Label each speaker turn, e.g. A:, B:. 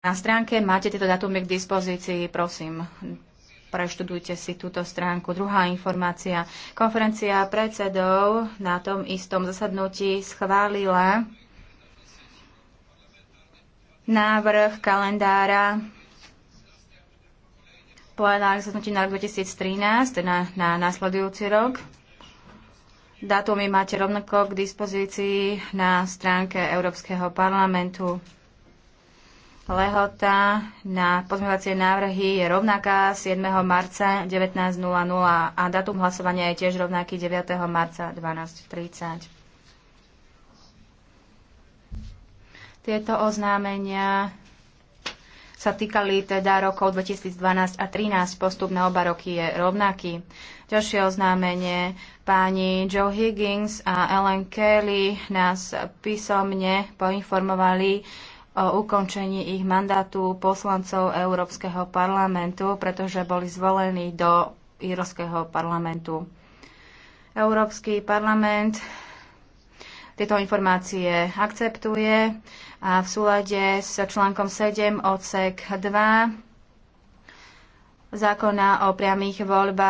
A: Na stránke máte tieto datumy k dispozícii, prosím, preštudujte si túto stránku. Druhá informácia. Konferencia predsedov na tom istom zasadnutí schválila návrh kalendára plenárnych zasadnutí na rok 2013, teda na nasledujúci rok. Dátumy máte rovnako k dispozícii na stránke Európskeho parlamentu. Lehota na pozmeňovacie návrhy je rovnaká 7. marca 19.00 a datum hlasovania je tiež rovnaký 9. marca 12.30. Tieto oznámenia sa týkali teda rokov 2012 a 2013. Postup na oba roky je rovnaký. Ďalšie oznámenie páni Joe Higgins a Ellen Kelly nás písomne poinformovali o ukončení ich mandátu poslancov Európskeho parlamentu, pretože boli zvolení do Írskeho parlamentu. Európsky parlament tieto informácie akceptuje a v súlade s článkom 7 odsek 2 zákona o priamých voľbách